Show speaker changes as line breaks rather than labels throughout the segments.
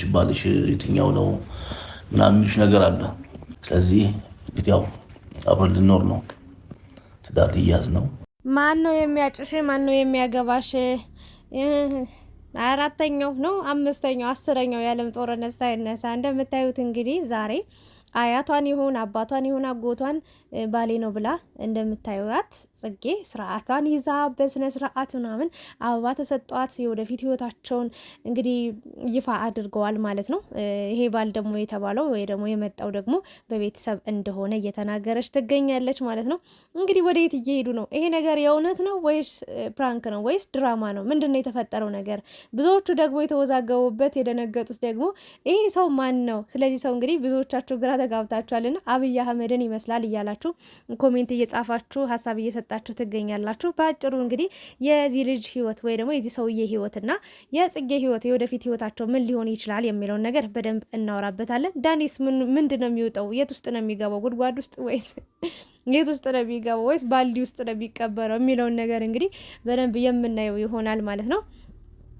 ች ባልሽ የትኛው ነው ምናምን የሚልሽ ነገር አለ። ስለዚህ ያው አብረን ልኖር ነው፣ ትዳር ልያዝ ነው።
ማን ነው የሚያጭሽ? ማን ነው የሚያገባሽ? አራተኛው ነው አምስተኛው አስረኛው የዓለም ጦርነት ሳይነሳ እንደምታዩት እንግዲህ ዛሬ አያቷን ይሁን አባቷን ይሁን አጎቷን ባሌ ነው ብላ እንደምታዩት ጽጌ ስርዓቷን ይዛ በስነ ስርዓት ምናምን አበባ ተሰጧት። የወደፊት ህይወታቸውን እንግዲህ ይፋ አድርገዋል ማለት ነው። ይሄ ባል ደግሞ የተባለው ወይ ደግሞ የመጣው ደግሞ በቤተሰብ እንደሆነ እየተናገረች ትገኛለች ማለት ነው። እንግዲህ ወደየት እየሄዱ ነው? ይሄ ነገር የእውነት ነው ወይስ ፕራንክ ነው ወይስ ድራማ ነው? ምንድን ነው የተፈጠረው ነገር? ብዙዎቹ ደግሞ የተወዛገቡበት የደነገጡት ደግሞ ይሄ ሰው ማን ነው? ስለዚህ ሰው እንግዲህ ብዙዎቻቸው ግራ ተጋብታችኋልና አብይ አህመድን ይመስላል እያላችሁ ኮሜንት እየጻፋችሁ ሀሳብ እየሰጣችሁ ትገኛላችሁ። በአጭሩ እንግዲህ የዚህ ልጅ ህይወት ወይ ደግሞ የዚህ ሰውዬ ህይወትና የጽጌ ህይወት የወደፊት ህይወታቸው ምን ሊሆን ይችላል የሚለውን ነገር በደንብ እናወራበታለን። ዳኒስ ምንድን ነው የሚወጣው? የት ውስጥ ነው የሚገባው? ጉድጓድ ውስጥ ወይስ የት ውስጥ ነው የሚገባው? ወይስ ባልዲ ውስጥ ነው የሚቀበረው የሚለውን ነገር እንግዲህ በደንብ የምናየው ይሆናል ማለት ነው።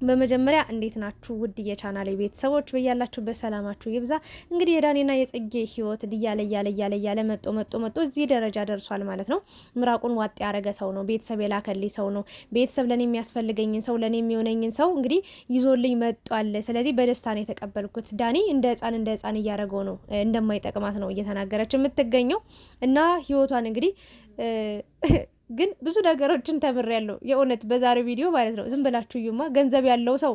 በመጀመሪያ እንዴት ናችሁ ውድ የቻናሌ ቤተሰቦች በያላችሁ በሰላማችሁ ይብዛ። እንግዲህ የዳኒና የጽጌ ህይወት እያለ እያለ እያለ እያለ መጦ መጦ መጦ እዚህ ደረጃ ደርሷል ማለት ነው። ምራቁን ዋጥ ያደረገ ሰው ነው፣ ቤተሰብ የላከልኝ ሰው ነው፣ ቤተሰብ ለኔ የሚያስፈልገኝን ሰው ለኔ የሚሆነኝን ሰው እንግዲህ ይዞልኝ መጧል። ስለዚህ በደስታ ነው የተቀበልኩት። ዳኒ እንደ ህፃን እንደ ህፃን እያደረገው ነው፣ እንደማይጠቅማት ነው እየተናገረች የምትገኘው እና ህይወቷን እንግዲህ ግን ብዙ ነገሮችን ተምሬያለሁ የእውነት በዛሬ ቪዲዮ ማለት ነው። ዝም ብላችሁ እዩማ ገንዘብ ያለው ሰው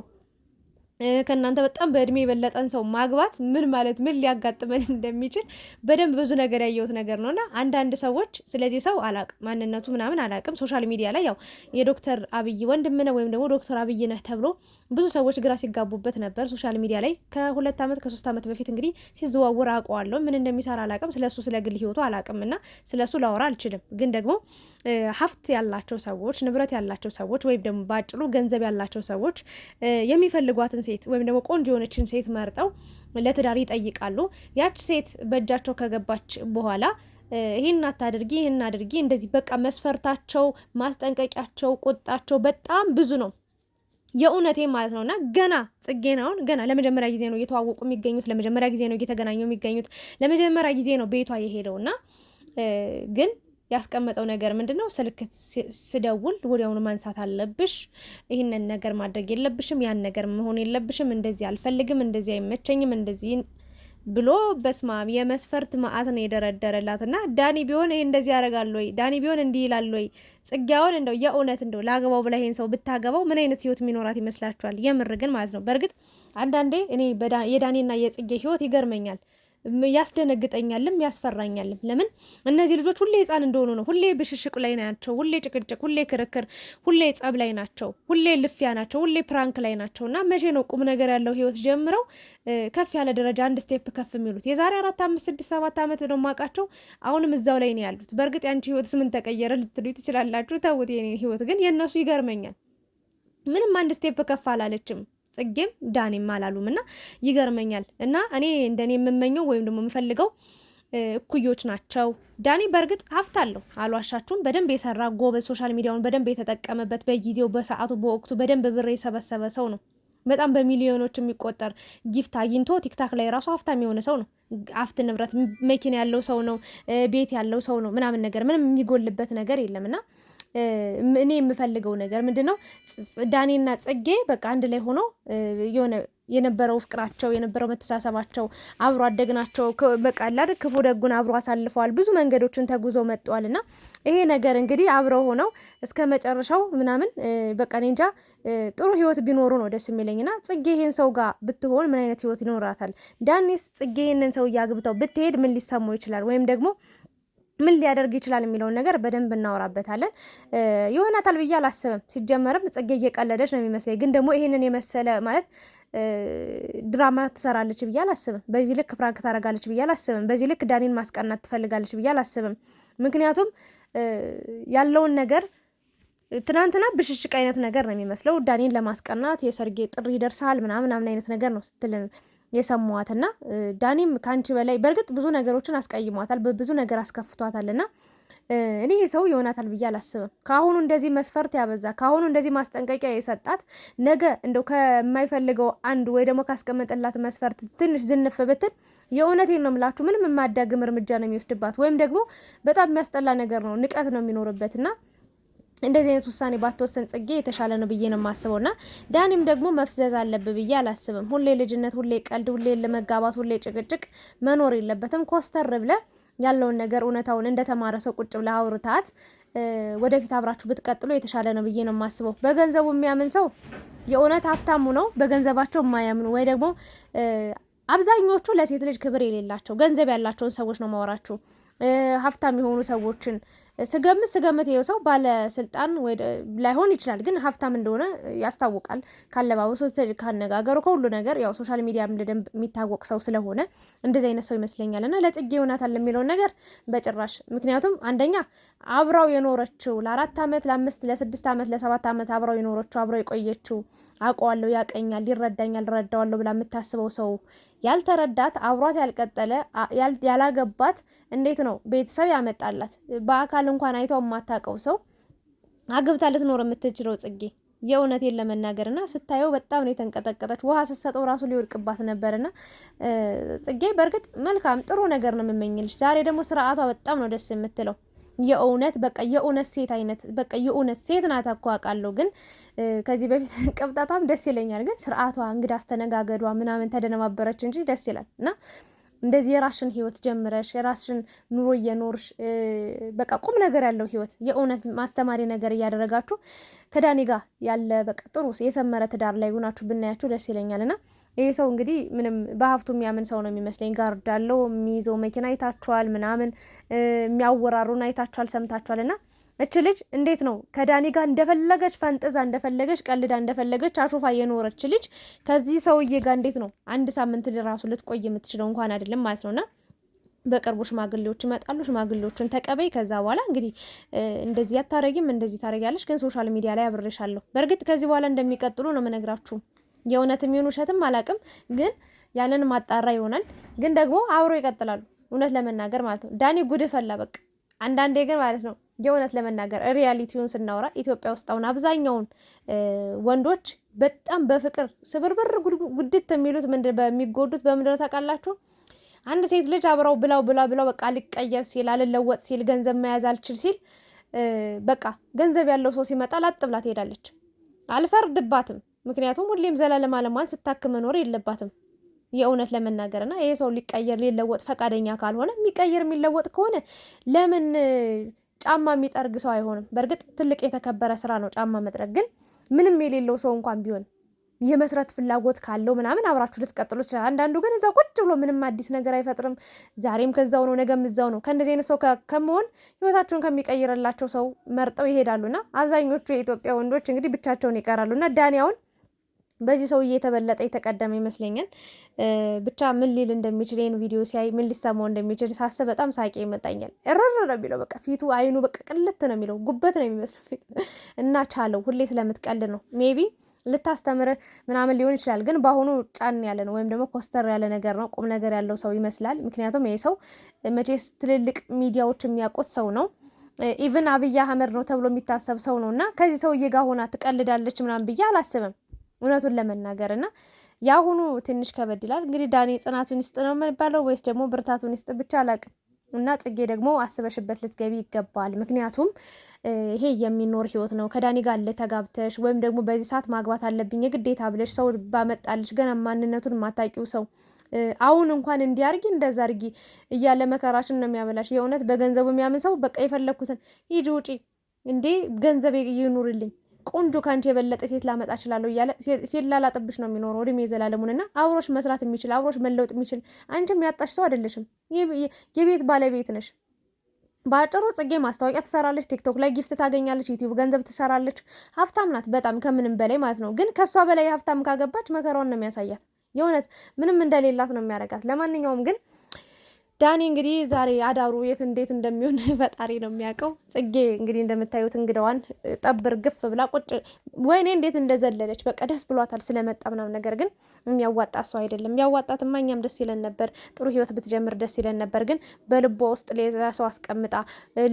ከእናንተ በጣም በእድሜ የበለጠን ሰው ማግባት ምን ማለት ምን ሊያጋጥመን እንደሚችል በደንብ ብዙ ነገር ያየሁት ነገር ነው እና አንዳንድ ሰዎች ስለዚህ ሰው አላቅም ማንነቱ ምናምን አላቅም። ሶሻል ሚዲያ ላይ ያው የዶክተር አብይ ወንድም ነህ ወይም ደግሞ ዶክተር አብይ ነህ ተብሎ ብዙ ሰዎች ግራ ሲጋቡበት ነበር። ሶሻል ሚዲያ ላይ ከሁለት ዓመት ከሶስት ዓመት በፊት እንግዲህ ሲዘዋውር አውቀዋለሁ። ምን እንደሚሰራ አላቅም። ስለሱ ስለ ግል ህይወቱ አላቅም እና ስለሱ ላወራ አልችልም። ግን ደግሞ ሀብት ያላቸው ሰዎች፣ ንብረት ያላቸው ሰዎች ወይም ደግሞ በአጭሩ ገንዘብ ያላቸው ሰዎች የሚፈልጓትን ሴት ወይም ደግሞ ቆንጆ የሆነችን ሴት መርጠው ለትዳር ይጠይቃሉ። ያች ሴት በእጃቸው ከገባች በኋላ ይህን አታድርጊ፣ ይህን አድርጊ፣ እንደዚህ በቃ መስፈርታቸው፣ ማስጠንቀቂያቸው፣ ቁጣቸው በጣም ብዙ ነው። የእውነቴ ማለት እና ገና ጽጌናውን ገና ለመጀመሪያ ጊዜ ነው እየተዋወቁ የሚገኙት። ለመጀመሪያ ጊዜ ነው እየተገናኙ የሚገኙት። ለመጀመሪያ ጊዜ ነው ቤቷ እና ግን ያስቀመጠው ነገር ምንድን ነው? ስልክ ስደውል ወዲያውኑ ማንሳት አለብሽ፣ ይህንን ነገር ማድረግ የለብሽም፣ ያን ነገር መሆን የለብሽም፣ እንደዚህ አልፈልግም፣ እንደዚህ አይመቸኝም፣ እንደዚህ ብሎ በስማም የመስፈርት ማአት ነው የደረደረላት። እና ዳኒ ቢሆን ይህ እንደዚህ ያደርጋል ወይ ዳኒ ቢሆን እንዲህ ይላል ወይ? ጽጌውን እንደው የእውነት እንደው ላገባው ብላ ይሄን ሰው ብታገባው ምን አይነት ህይወት የሚኖራት ይመስላችኋል? የምር ግን ማለት ነው። በእርግጥ አንዳንዴ እኔ የዳኒና የጽጌ ህይወት ይገርመኛል። ያስደነግጠኛልም ያስፈራኛልም። ለምን እነዚህ ልጆች ሁሌ ህፃን እንደሆኑ ነው። ሁሌ ብሽሽቅ ላይ ናቸው፣ ሁሌ ጭቅጭቅ፣ ሁሌ ክርክር፣ ሁሌ ጸብ ላይ ናቸው፣ ሁሌ ልፊያ ናቸው፣ ሁሌ ፕራንክ ላይ ናቸው እና መቼ ነው ቁም ነገር ያለው ህይወት ጀምረው ከፍ ያለ ደረጃ አንድ ስቴፕ ከፍ የሚሉት? የዛሬ አራት አምስት ስድስት ሰባት ዓመት ነው የማውቃቸው። አሁንም እዛው ላይ ነው ያሉት። በእርግጥ ያንቺ ህይወት ስምን ተቀየረ ልትሉ ትችላላችሁ። ተውት፣ የኔ ህይወት ግን የእነሱ ይገርመኛል። ምንም አንድ ስቴፕ ከፍ አላለችም። ጽጌም ዳኔም አላሉም እና ይገርመኛል። እና እኔ እንደኔ የምመኘው ወይም ደግሞ የምፈልገው እኩዮች ናቸው። ዳኒ በእርግጥ ሀብት አለው አልዋሻችሁም። በደንብ የሰራ ጎበዝ፣ ሶሻል ሚዲያውን በደንብ የተጠቀመበት፣ በጊዜው በሰዓቱ በወቅቱ በደንብ ብር የሰበሰበ ሰው ነው። በጣም በሚሊዮኖች የሚቆጠር ጊፍት አግኝቶ ቲክታክ ላይ ራሱ ሀብታም የሆነ ሰው ነው። ሀብት ንብረት፣ መኪና ያለው ሰው ነው። ቤት ያለው ሰው ነው። ምናምን ነገር ምንም የሚጎልበት ነገር የለም እና እኔ የምፈልገው ነገር ምንድን ነው? ዳኔና ጽጌ በቃ አንድ ላይ ሆኖ የሆነ የነበረው ፍቅራቸው የነበረው መተሳሰባቸው አብሮ አደግናቸው በቃ ክፉ ደጉን አብሮ አሳልፈዋል። ብዙ መንገዶችን ተጉዞ መጥተዋል እና ይሄ ነገር እንግዲህ አብረው ሆነው እስከ መጨረሻው ምናምን በቃ እኔ እንጃ ጥሩ ህይወት ቢኖሩ ነው ደስ የሚለኝና ጽጌ ይሄን ሰው ጋር ብትሆን ምን አይነት ህይወት ይኖራታል? ዳኒስ ጽጌ ይህንን ሰው እያግብተው ብትሄድ ምን ሊሰማው ይችላል? ወይም ደግሞ ምን ሊያደርግ ይችላል የሚለውን ነገር በደንብ እናወራበታለን። ይሆናታል ብዬ አላስብም። ሲጀመርም ጽጌ እየቀለደች ነው የሚመስለኝ፣ ግን ደግሞ ይህንን የመሰለ ማለት ድራማ ትሰራለች ብዬ አላስብም። በዚህ ልክ ፍራንክ ታደርጋለች ብዬ አላስብም። በዚህ ልክ ዳኒን ማስቀናት ትፈልጋለች ብዬ አላስብም። ምክንያቱም ያለውን ነገር ትናንትና ብሽሽቅ አይነት ነገር ነው የሚመስለው። ዳኒን ለማስቀናት የሰርጌ ጥሪ ይደርሳል ምናምን ምናምን አይነት ነገር ነው ስትል የሰማዋትና ዳኒም ከአንቺ በላይ በእርግጥ ብዙ ነገሮችን አስቀይሟታል፣ ብዙ ነገር አስከፍቷታልና እኔ ሰው ይሆናታል ብዬ አላስብም። ከአሁኑ እንደዚህ መስፈርት ያበዛ፣ ከአሁኑ እንደዚህ ማስጠንቀቂያ የሰጣት ነገ እንደው ከማይፈልገው አንድ ወይ ደግሞ ካስቀመጠላት መስፈርት ትንሽ ዝንፍ ብትል የእውነቴን ነው የምላችሁ ምንም የማያዳግም እርምጃ ነው የሚወስድባት፣ ወይም ደግሞ በጣም የሚያስጠላ ነገር ነው፣ ንቀት ነው የሚኖርበትና እንደዚህ አይነት ውሳኔ ባትወሰን ጽጌ የተሻለ ነው ብዬ ነው የማስበው። ና ዳኒም ደግሞ መፍዘዝ አለብ ብዬ አላስብም። ሁሌ ልጅነት፣ ሁሌ ቀልድ፣ ሁሌ ለመጋባት፣ ሁሌ ጭቅጭቅ መኖር የለበትም። ኮስተር ብለ ያለውን ነገር እውነታውን እንደተማረ ሰው ቁጭ ብለ አውርታት ወደፊት አብራችሁ ብትቀጥሉ የተሻለ ነው ብዬ ነው የማስበው። በገንዘቡ የሚያምን ሰው የእውነት ሀብታሙ ነው። በገንዘባቸው የማያምኑ ወይ ደግሞ አብዛኞቹ ለሴት ልጅ ክብር የሌላቸው ገንዘብ ያላቸውን ሰዎች ነው ማወራችሁ ሀብታም የሆኑ ሰዎችን ስገምት ስገምት ይኸው ሰው ባለስልጣን ላይሆን ይችላል፣ ግን ሀብታም እንደሆነ ያስታውቃል። ካለባበሱ፣ ካነጋገሩ፣ ከሁሉ ነገር ያው ሶሻል ሚዲያም ደንብ የሚታወቅ ሰው ስለሆነ እንደዚህ አይነት ሰው ይመስለኛል። እና ለጽጌ ይሆናታል የሚለውን ነገር በጭራሽ። ምክንያቱም አንደኛ አብራው የኖረችው ለአራት ዓመት ለአምስት ለስድስት ዓመት ለሰባት ዓመት አብራው የኖረችው አብራው የቆየችው አውቀዋለሁ፣ ያቀኛል፣ ይረዳኛል፣ ረዳዋለሁ ብላ የምታስበው ሰው ያልተረዳት አብሯት ያልቀጠለ ያላገባት እንዴት ነው ቤተሰብ ያመጣላት በአካል ባል እንኳን አይቷ የማታውቀው ሰው አግብታ ልትኖር የምትችለው ጽጌ የእውነቴን ለመናገር እና ስታየው በጣም ነው የተንቀጠቀጠች። ውሃ ስትሰጠው ራሱ ሊወድቅባት ነበር። ጽጌ በእርግጥ መልካም ጥሩ ነገር ነው የምመኝልሽ። ዛሬ ደግሞ ስርዓቷ በጣም ነው ደስ የምትለው። የእውነት በቃ የእውነት ሴት አይነት በቃ የእውነት ሴት ናት እኮ አውቃለሁ። ግን ከዚህ በፊት ቅብጠታም ደስ ይለኛል፣ ግን ስርዓቷ እንግዳ አስተነጋገዷ ምናምን ተደነባበረች እንጂ ደስ ይላል እና እንደዚህ የራስሽን ህይወት ጀምረሽ የራስሽን ኑሮ እየኖርሽ በቃ ቁም ነገር ያለው ህይወት የእውነት ማስተማሪ ነገር እያደረጋችሁ ከዳኒ ጋር ያለ በቃ ጥሩ የሰመረ ትዳር ላይ ሆናችሁ ብናያችሁ ደስ ይለኛል። እና ይህ ሰው እንግዲህ ምንም በሀብቱ የሚያምን ሰው ነው የሚመስለኝ። ጋርድ አለው፣ የሚይዘው መኪና አይታችኋል፣ ምናምን የሚያወራሩን አይታችኋል፣ ሰምታችኋል እና እች ልጅ እንዴት ነው ከዳኒ ጋር እንደፈለገች ፈንጥዛ እንደፈለገች ቀልዳ እንደፈለገች አሾፋ የኖረች ልጅ ከዚህ ሰውዬ ጋር እንዴት ነው አንድ ሳምንት ራሱ ልትቆይ የምትችለው እንኳን አይደለም ማለት ነውና በቅርቡ ሽማግሌዎች ይመጣሉ። ሽማግሌዎቹን ተቀበይ። ከዛ በኋላ እንግዲህ እንደዚህ አታረጊም፣ እንደዚህ ታረጊያለሽ፣ ግን ሶሻል ሚዲያ ላይ አብሬሻለሁ። በእርግጥ ከዚህ በኋላ እንደሚቀጥሉ ነው የምነግራችሁ። የእውነት ይሁን ውሸትም አላቅም፣ ግን ያንን ማጣራ ይሆናል። ግን ደግሞ አብሮ ይቀጥላሉ፣ እውነት ለመናገር ማለት ነው። ዳኒ ጉድ ፈላ በቃ። አንዳንዴ ግን ማለት ነው የእውነት ለመናገር ሪያሊቲውን ስናወራ ኢትዮጵያ ውስጥ አሁን አብዛኛውን ወንዶች በጣም በፍቅር ስብርብር ጉድት የሚሉት በሚጎዱት በምንድን ታውቃላችሁ? አንድ ሴት ልጅ አብረው ብላው ብላ ብላው በቃ ሊቀየር ሲል አልለወጥ ሲል ገንዘብ መያዝ አልችል ሲል በቃ ገንዘብ ያለው ሰው ሲመጣ ላጥ ብላ ትሄዳለች። አልፈርድባትም። ምክንያቱም ሁሌም ዘላለም አለማን ስታክ መኖር የለባትም። የእውነት ለመናገር እና ይሄ ሰው ሊቀየር ሊለወጥ ፈቃደኛ ካልሆነ የሚቀየር የሚለወጥ ከሆነ ለምን ጫማ የሚጠርግ ሰው አይሆንም። በእርግጥ ትልቅ የተከበረ ስራ ነው ጫማ መጥረግ። ግን ምንም የሌለው ሰው እንኳን ቢሆን የመስረት ፍላጎት ካለው ምናምን አብራችሁ ልትቀጥሉ ይችላል። አንዳንዱ ግን እዛ ቁጭ ብሎ ምንም አዲስ ነገር አይፈጥርም። ዛሬም ከዛው ነው፣ ነገም እዛው ነው። ከእንደዚህ አይነት ሰው ከመሆን ህይወታቸውን ከሚቀይርላቸው ሰው መርጠው ይሄዳሉና አብዛኞቹ የኢትዮጵያ ወንዶች እንግዲህ ብቻቸውን ይቀራሉና ዳንያውን በዚህ ሰውዬ የተበለጠ የተቀደመ ይመስለኛል። ብቻ ምን ሊል እንደሚችል ይህን ቪዲዮ ሲያይ ምን ሊሰማው እንደሚችል ሳስብ በጣም ሳቄ ይመጣኛል። እረር ነው የሚለው በቃ ፊቱ፣ አይኑ በቃ ቅልት ነው የሚለው ጉበት ነው የሚመስለው ፊቱ እና ቻለው። ሁሌ ስለምትቀልድ ነው ሜቢ ልታስተምር ምናምን ሊሆን ይችላል። ግን በአሁኑ ጫን ያለ ነው ወይም ደግሞ ኮስተር ያለ ነገር ነው። ቁም ነገር ያለው ሰው ይመስላል። ምክንያቱም ይህ ሰው መቼስ ትልልቅ ሚዲያዎች የሚያውቁት ሰው ነው። ኢቭን አብይ አህመድ ነው ተብሎ የሚታሰብ ሰው ነው እና ከዚህ ሰውዬ ጋር ሆና ትቀልዳለች ምናምን ብዬ አላስብም። እውነቱን ለመናገር እና የአሁኑ ትንሽ ከበድ ይላል። እንግዲህ ዳኒ ጽናቱን ይስጥ ነው የምንባለው ወይስ ደግሞ ብርታቱን ይስጥ ብቻ አላውቅም። እና ጽጌ ደግሞ አስበሽበት ልትገቢ ይገባል። ምክንያቱም ይሄ የሚኖር ህይወት ነው። ከዳኒ ጋር ለተጋብተሽ ወይም ደግሞ በዚህ ሰዓት ማግባት አለብኝ የግዴታ ብለሽ ሰው ባመጣልሽ ገና ማንነቱን የማታውቂው ሰው አሁን እንኳን እንዲያርጊ እንደዛ አርጊ እያለ መከራሽን ነው የሚያበላሽ። የእውነት በገንዘቡ የሚያምን ሰው በቃ የፈለግኩትን ሂጂ ውጪ እንዴ ገንዘብ ይኑርልኝ ቆንጆ ከአንቺ የበለጠ ሴት ላመጣ እችላለሁ እያለ ሴት ላላጥብሽ ነው የሚኖረው እድሜ የዘላለሙንና አብሮሽ መስራት የሚችል አብሮሽ መለወጥ የሚችል አንቺም ያጣሽ ሰው አይደለሽም። የቤት ባለቤት ነሽ። በአጭሩ ጽጌ ማስታወቂያ ትሰራለች፣ ቲክቶክ ላይ ጊፍት ታገኛለች፣ ዩቲዩብ ገንዘብ ትሰራለች። ሀብታም ናት በጣም ከምንም በላይ ማለት ነው። ግን ከእሷ በላይ ሀብታም ካገባች መከራውን ነው የሚያሳያት። የእውነት ምንም እንደሌላት ነው የሚያደርጋት። ለማንኛውም ግን ዳኒ እንግዲህ ዛሬ አዳሩ የት እንዴት እንደሚሆን ፈጣሪ ነው የሚያውቀው። ጽጌ እንግዲህ እንደምታዩት እንግዳዋን ጠብር ግፍ ብላ ቁጭ ወይኔ እንዴት እንደዘለለች በቃ ደስ ብሏታል ስለመጣ ምናምን። ነገር ግን የሚያዋጣ ሰው አይደለም። የሚያዋጣትማ እኛም ደስ ይለን ነበር፣ ጥሩ ህይወት ብትጀምር ደስ ይለን ነበር። ግን በልቧ ውስጥ ሌላ ሰው አስቀምጣ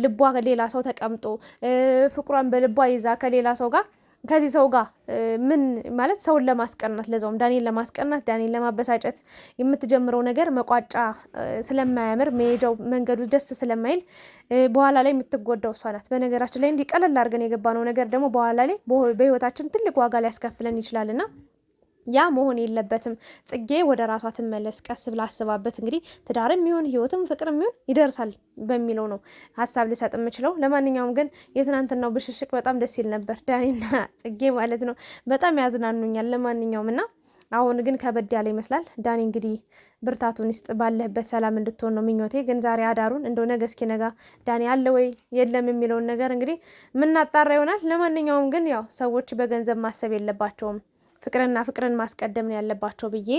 ልቧ ሌላ ሰው ተቀምጦ ፍቅሯን በልቧ ይዛ ከሌላ ሰው ጋር ከዚህ ሰው ጋር ምን ማለት ሰውን ለማስቀናት ለዛውም ዳኒን ለማስቀናት ዳኒን ለማበሳጨት የምትጀምረው ነገር መቋጫ ስለማያምር መሄጃው መንገዱ ደስ ስለማይል በኋላ ላይ የምትጎዳው እሷ ናት። በነገራችን ላይ እንዲህ ቀለል አድርገን የገባነው ነገር ደግሞ በኋላ ላይ በህይወታችን ትልቅ ዋጋ ሊያስከፍለን ይችላልና ያ መሆን የለበትም። ጽጌ ወደ ራሷ ትመለስ፣ ቀስ ብላ አስባበት። እንግዲህ ትዳርም ይሁን ህይወትም ፍቅርም ይሁን ይደርሳል በሚለው ነው ሀሳብ ልሰጥ የምችለው። ለማንኛውም ግን የትናንትናው ብሽሽቅ በጣም ደስ ይል ነበር፣ ዳኒና ጽጌ ማለት ነው። በጣም ያዝናኑኛል። ለማንኛውም እና አሁን ግን ከበድ ያለ ይመስላል። ዳኒ እንግዲህ ብርታቱን ይስጥ፣ ባለህበት ሰላም እንድትሆን ነው ምኞቴ። ግን ዛሬ አዳሩን እንደው ነገ ነጋ ዳኒ አለ ወይ የለም የሚለውን ነገር እንግዲህ ምናጣራ ይሆናል። ለማንኛውም ግን ያው ሰዎች በገንዘብ ማሰብ የለባቸውም ፍቅርና ፍቅርን ማስቀደም ነው ያለባቸው ብዬ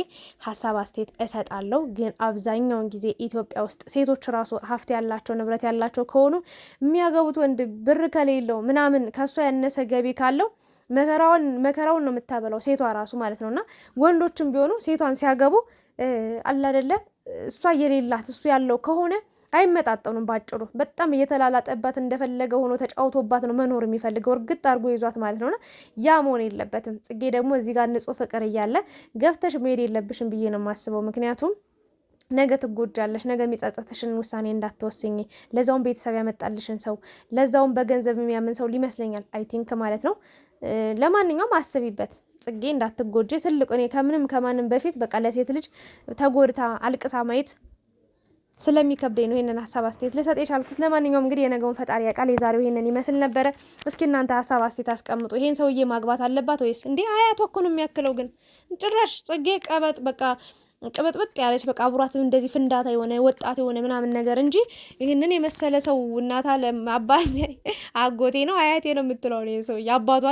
ሀሳብ አስተያየት እሰጣለሁ። ግን አብዛኛውን ጊዜ ኢትዮጵያ ውስጥ ሴቶች ራሱ ሀብት ያላቸው ንብረት ያላቸው ከሆኑ የሚያገቡት ወንድ ብር ከሌለው ምናምን ከእሷ ያነሰ ገቢ ካለው መከራውን መከራውን ነው የምታበላው ሴቷ ራሱ ማለት ነውና ወንዶችም ቢሆኑ ሴቷን ሲያገቡ አላደለ እሷ የሌላት እሱ ያለው ከሆነ አይመጣጠኑም። ባጭሩ በጣም እየተላላጠባት እንደፈለገ ሆኖ ተጫውቶባት ነው መኖር የሚፈልገው እርግጥ አድርጎ ይዟት ማለት ነውና ያ መሆን የለበትም። ጽጌ ደግሞ እዚህ ጋር ንጹህ ፍቅር እያለ ገፍተሽ መሄድ የለብሽም ብዬ ነው የማስበው። ምክንያቱም ነገ ትጎጃለሽ። ነገ የሚጸጸትሽን ውሳኔ እንዳትወስኝ። ለዛውም ቤተሰብ ያመጣልሽን ሰው ለዛውም በገንዘብ የሚያምን ሰው ሊመስለኛል አይ ቲንክ ማለት ነው። ለማንኛውም አስቢበት ጽጌ፣ እንዳትጎጂ ትልቁ እኔ ከምንም ከማንም በፊት በቃ ለሴት ልጅ ተጎድታ አልቅሳ ማየት ስለሚከብደኝ ነው ይህንን ሀሳብ አስተያየት ልሰጥ የቻልኩት። ለማንኛውም እንግዲህ የነገውን ፈጣሪ ያውቃል። የዛሬው ይህንን ይመስል ነበረ። እስኪ እናንተ ሀሳብ አስተያየት አስቀምጡ። ይህን ሰውዬ ማግባት አለባት ወይስ? እንዴ አያቷ እኮ ነው የሚያክለው። ግን ጭራሽ ጽጌ ቀበጥ በቃ ቅብጥብጥ ያለች በቃ አቡራት እንደዚህ ፍንዳታ የሆነ ወጣት የሆነ ምናምን ነገር እንጂ ይህንን የመሰለ ሰው እናታ ለአባቴ አጎቴ ነው አያቴ ነው የምትለው ነው ሰው አባቷ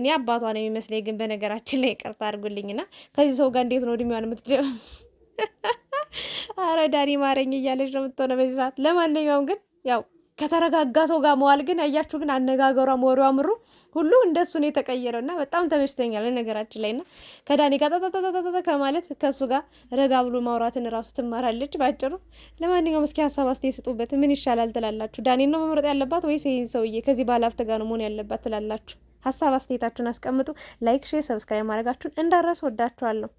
እኔ አባቷ ነው የሚመስለኝ። ግን በነገራችን ላይ ይቅርታ አድርጉልኝና ከዚህ ሰው ጋር እንዴት ነው እድሜዋን የምትጀ አረ ዳኒ ማረኝ እያለች ነው የምትሆነው በዚህ ሰዓት። ለማንኛውም ግን ያው ከተረጋጋ ሰው ጋር መዋል ግን አያችሁ፣ ግን አነጋገሯ ወሬዋ አምሩ ሁሉ እንደሱ ነው የተቀየረው እና በጣም ተመችቶኛል ነገራችን ላይ ና ከዳኒ ጋር ከማለት ከእሱ ጋር ረጋ ብሎ ማውራትን ራሱ ትማራለች ባጭሩ። ለማንኛውም እስኪ ሀሳብ አስተያየት ስጡበት። ምን ይሻላል ትላላችሁ? ዳኒን ነው መምረጥ ያለባት ወይስ ይህን ሰውዬ ከዚህ ባለሀብት ጋር ነው መሆን ያለባት ትላላችሁ? ሀሳብ አስተያየታችሁን አስቀምጡ። ላይክ፣ ሼር፣ ሰብስክራይብ ማድረጋችሁን እንዳረሱ ወዳችኋለሁ።